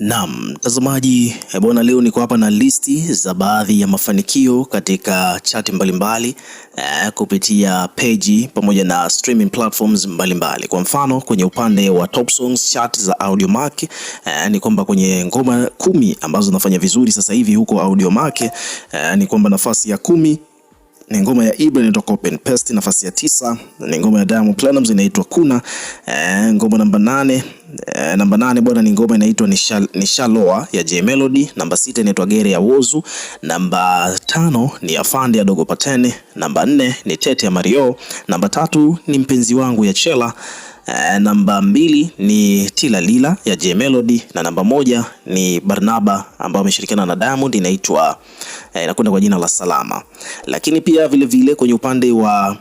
Naam, mtazamaji eh, bwana, leo niko hapa na listi za baadhi ya mafanikio katika chati mbalimbali mbali, eh, kupitia peji pamoja na streaming platforms mbalimbali mbali. Kwa mfano kwenye upande wa top songs chart za Audiomack eh, ni kwamba kwenye ngoma kumi ambazo zinafanya vizuri sasa hivi huko Audiomack eh, ni kwamba nafasi ya kumi ni ngoma ya Ibra inaitwa Copen Pest nafasi ya tisa, ni ngoma ya Diamond Platnumz inaitwa Kuna. E, ngoma namba nane e, namba nane bwana ni ngoma inaitwa Nishaloa ya J Melody. Namba sita inaitwa Gere ya Wozu. Namba tano ni Afande ya Dogo Patene. Namba nne ni Tete ya Mario. Namba tatu ni mpenzi wangu ya Chela. Uh, namba mbili ni Tila Lila ya J Melody na namba moja ni Barnaba ambayo ameshirikiana na Diamond inaitwa eh, inakwenda kwa jina la Salama. Lakini pia vilevile vile kwenye upande wa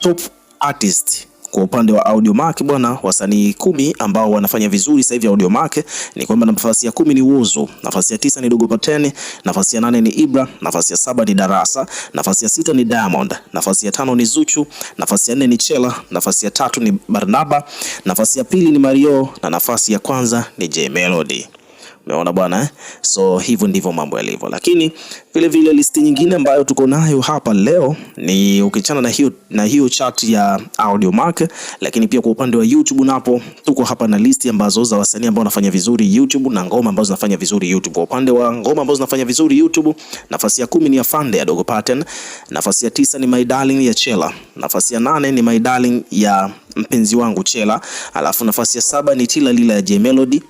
top artist kwa upande wa Mark bwana, wasanii kumi ambao wanafanya vizuri sasa hivi Mark ni kwamba nafasi ya kumi ni Whozu, nafasi ya tisa ni Dogo Pateni, nafasi ya nane ni Ibra, nafasi ya saba ni Darasa, nafasi ya sita ni Diamond, nafasi ya tano ni Zuchu, nafasi ya nne ni Chela, nafasi ya tatu ni Barnaba, nafasi ya pili ni Mario na nafasi ya kwanza ni J Melody. Unaona bwana eh? So hivyo ndivyo mambo yalivyo, lakini vile vile listi nyingine ambayo tuko nayo hapa leo ni ukichana na hiyo, na hiyo chat ya Audio Mark, lakini pia kwa upande wa YouTube napo tuko hapa na listi ambazo za wasanii ambao wanafanya vizuri YouTube na ngoma ambazo zinafanya vizuri YouTube. Kwa upande wa ngoma ambazo zinafanya vizuri YouTube, nafasi ya kumi ni ya Fande ya Dogo Pattern, nafasi ya tisa ni My Darling ya Chela, nafasi ya nane ni My Darling ya mpenzi wangu Chela, alafu nafasi ya saba ni Tila Lila ya J Melody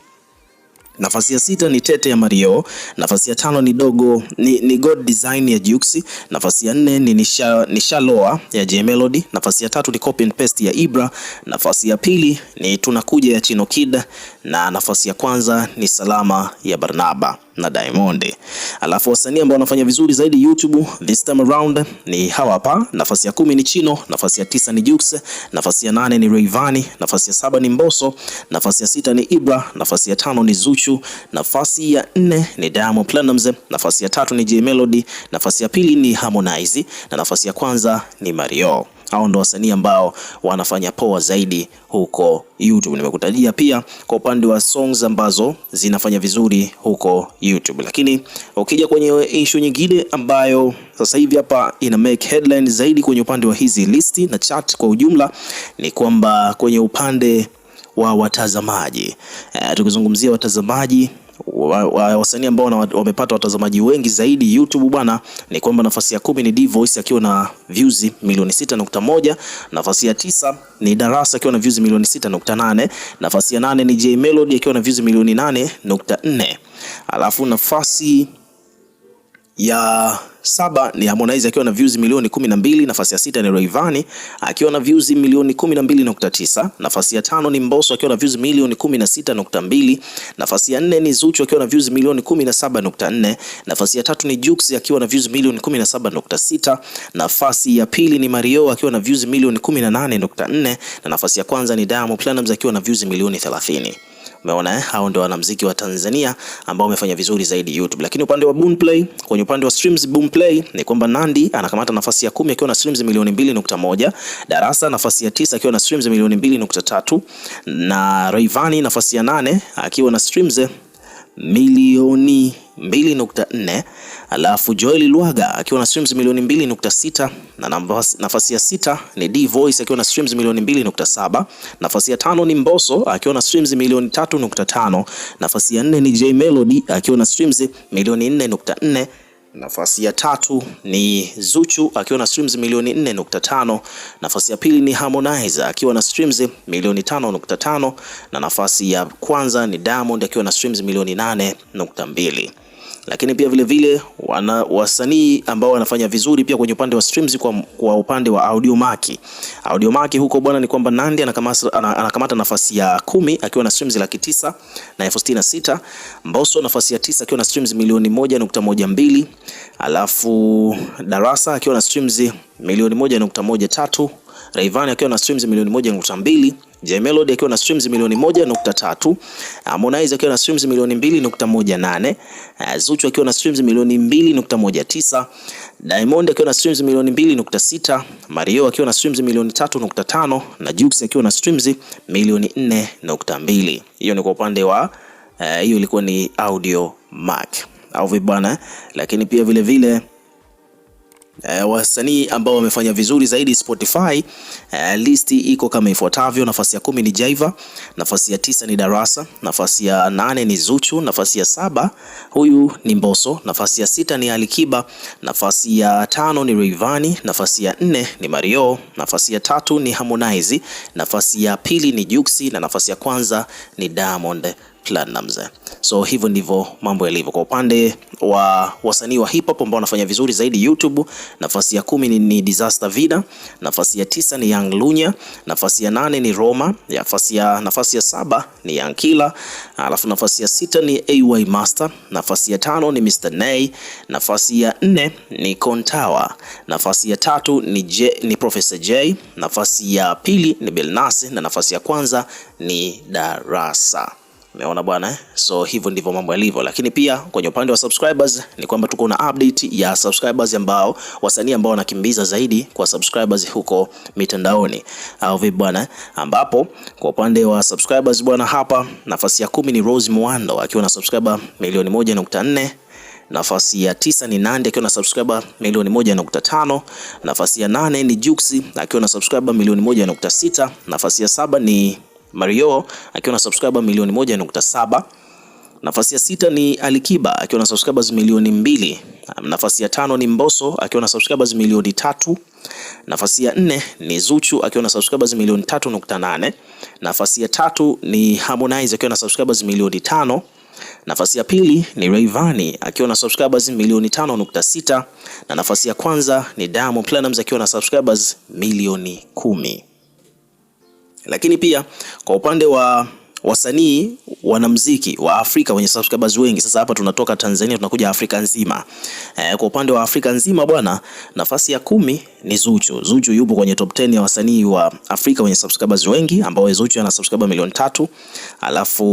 Nafasi ya sita ni Tete ya Mario, nafasi ya tano ni dogo ni, ni God Design ya Juxi, nafasi ya nne ni Nisha, Nishaloa ya J Melody, nafasi ya tatu ni Copy and Paste ya Ibra, nafasi ya pili ni Tunakuja ya Chino Kid na nafasi ya kwanza ni Salama ya Barnaba na Diamond. Alafu wasanii ambao wanafanya vizuri zaidi YouTube this time around ni hawa hapa. Nafasi ya kumi ni Chino, nafasi ya tisa ni Jux, nafasi ya nane ni Rayvanny, nafasi ya saba ni Mbosso, nafasi ya sita ni Ibra, nafasi ya tano ni Zuchu, nafasi ya nne ni Diamond Platnumz, nafasi ya tatu ni J Melody, nafasi ya pili ni Harmonize na nafasi ya kwanza ni Mario. Hao ndo wasanii ambao wanafanya poa zaidi huko YouTube. Nimekutajia pia kwa upande wa songs ambazo zinafanya vizuri huko YouTube, lakini ukija kwenye issue nyingine ambayo sasa hivi hapa ina make headline zaidi kwenye upande wa hizi listi na chat kwa ujumla ni kwamba kwenye upande wa watazamaji, e, tukizungumzia watazamaji wasanii ambao wamepata watazamaji wengi zaidi YouTube bwana ni kwamba nafasi ya kumi ni D Voice akiwa na views milioni sita nukta moja. Nafasi ya tisa ni Darasa akiwa na views milioni sita nukta nane. Nafasi ya nane ni J Melody akiwa na views milioni nane nukta nne. Alafu nafasi ya saba ni Harmonize akiwa na views milioni 12. Nafasi ya sita ni Rayvanny akiwa na views milioni 12.9. Nafasi ya tano ni Mbosso akiwa na views milioni 16.2. Nafasi ya nne ni Zuchu akiwa na views milioni 17.4. Nafasi ya tatu ni Jux akiwa na views milioni 17.6. Nafasi ya pili ni Mario akiwa na views milioni 18.4 na nafasi ya kwanza ni Diamond Platnumz akiwa na views milioni 30. Umeona eh? Hao ndio wanamuziki wa Tanzania ambao wamefanya vizuri zaidi YouTube. Lakini upande wa Boomplay, kwenye upande wa streams Boomplay ni kwamba nandi anakamata nafasi ya kumi akiwa na streams milioni mbili nukta moja. Darasa nafasi ya tisa akiwa na streams milioni mbili nukta tatu na Rayvanny nafasi ya nane akiwa na streams milioni 2.4, alafu Joel Lwaga akiwa na streams milioni 2.6, na nafasi ya sita ni D Voice akiwa na streams milioni 2.7, nafasi ya tano ni Mboso akiwa na streams milioni 3.5, nafasi ya nne ni J Melody akiwa na streams milioni 4.4 nafasi ya tatu ni Zuchu akiwa na streams milioni 4.5. Nafasi ya pili ni Harmonize akiwa na streams milioni 5.5, na nafasi ya kwanza ni Diamond akiwa na streams milioni 8.2 lakini pia vile vile wana wasanii ambao wanafanya vizuri pia kwenye upande wa streams kwa, kwa upande wa audio maki. Audio maki huko bwana ni kwamba Nandy anakamata, anakamata nafasi ya kumi akiwa na streams laki tisa na elfu sitini na sita Mbosso nafasi ya tisa akiwa na streams milioni moja nukta moja mbili alafu Darasa akiwa na streams milioni moja nukta moja tatu Rayvanny akiwa na streams milioni moja nukta mbili Melody akiwa na streams milioni moja nukta tatu Harmonize akiwa na streams milioni mbili nukta moja nane eh, Zuchu akiwa na streams milioni mbili nukta moja tisa Diamond akiwa na streams milioni mbili nukta sita Mario akiwa na streams milioni tatu nukta tano na Jux akiwa na streams milioni nne nukta mbili Hiyo ni kwa upande wa eh, hiyo, uh, ilikuwa ni Audio mark au vibana, lakini pia vile vile, Uh, wasanii ambao wamefanya vizuri zaidi Spotify, uh, listi iko kama ifuatavyo: nafasi ya kumi ni Jaiva, nafasi ya tisa ni Darasa, nafasi ya nane ni Zuchu, nafasi ya saba huyu ni mboso nafasi ya sita ni Alikiba, nafasi ya tano ni Rayvanny, nafasi ya nne ni Mario, nafasi ya tatu ni Harmonize, nafasi ya pili ni Juksi na nafasi ya kwanza ni Diamond Platnumz. So hivyo ndivyo mambo yalivyo kwa upande wa wasanii wa hip hop ambao wanafanya vizuri zaidi YouTube. Nafasi ya kumi ni, ni Disaster Vida, nafasi ya tisa ni Young Lunya, nafasi ya nane ni Roma, nafasi ya, nafasi ya saba ni Young Kila. alafu nafasi ya sita ni AY Master, nafasi ya tano ni Mr Nay, nafasi ya nne ni Kontawa, nafasi ya tatu ni, J, ni Professor J, nafasi ya pili ni Belnasi na nafasi ya kwanza ni Darasa. Umeona bwana eh? So hivyo ndivyo mambo yalivyo, lakini pia kwenye upande wa subscribers ni kwamba tuko na update ya subscribers ambao wasanii ambao wanakimbiza zaidi kwa subscribers huko mitandaoni au vipi bwana eh? Ambapo kwa upande wa subscribers bwana, hapa nafasi ya kumi ni Rose Muhando akiwa na subscriber milioni moja nukta nne nafasi ya tisa ni Nandi akiwa na subscriber milioni moja nukta tano nafasi ya nane ni Juksi akiwa na subscriber milioni moja nukta sita nafasi ya saba ni Mario akiwa na subscriber milioni moja nukta saba. Nafasi ya sita ni Alikiba akiwa na subscribers milioni mbili. Nafasi ya tano ni Mboso akiwa na subscribers milioni tatu. Nafasi ya nne ni Zuchu akiwa na subscribers milioni tatu nukta nane. Nafasi ya tatu ni Harmonize akiwa na subscribers milioni tano. Nafasi ya pili ni Rayvanny akiwa na subscribers milioni tano nukta sita na nafasi ya kwanza ni Diamond Platnumz akiwa na subscribers milioni kumi. Lakini pia kwa upande wa wasanii wanamziki wa Afrika wenye subscribers wengi. Sasa hapa tunatoka Tanzania tunakuja Afrika nzima. E, kwa upande wa Afrika nzima bwana, nafasi ya kumi ni Zuchu. Zuchu yupo kwenye top 10 ya wasanii wa Afrika wenye subscribers wengi, ambao Zuchu ana subscriber milioni tatu. Alafu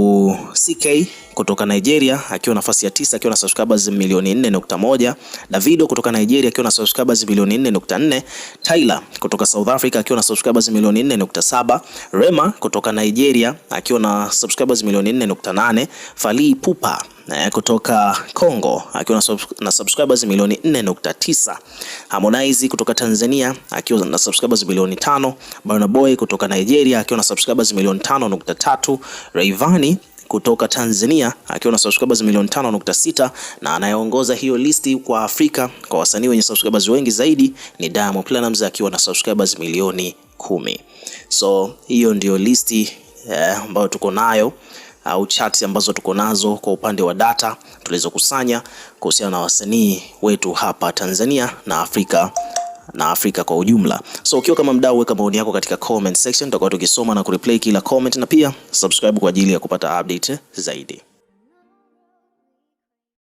CK kutoka Nigeria akiwa nafasi ya tisa akiwa na subscribers milioni 4.1. Davido kutoka Nigeria akiwa na subscribers milioni 4.4. Tyler kutoka South Africa akiwa na subscribers milioni 4.7. Rema kutoka Nigeria akiwa na subscribers milioni 4.8. Fally Ipupa kutoka Kongo akiwa na subscribers milioni 4.9. Harmonize kutoka Tanzania akiwa na subscribers milioni 5. Burna Boy kutoka Nigeria akiwa na subscribers milioni 5.3. Rayvanny kutoka Tanzania akiwa na subscribers milioni 5.6, na anayeongoza hiyo listi kwa Afrika kwa wasanii wenye subscribers wengi zaidi ni Diamond Platnumz akiwa na subscribers milioni kumi. So hiyo ndio listi Eh, ambayo tuko nayo au chati ambazo tuko nazo kwa upande wa data tulizokusanya kuhusiana na wasanii wetu hapa Tanzania na Afrika na Afrika kwa ujumla. So ukiwa kama mdau, weka maoni yako katika comment section, tutakuwa tukisoma na kureplay kila comment, na pia subscribe kwa ajili ya kupata update zaidi.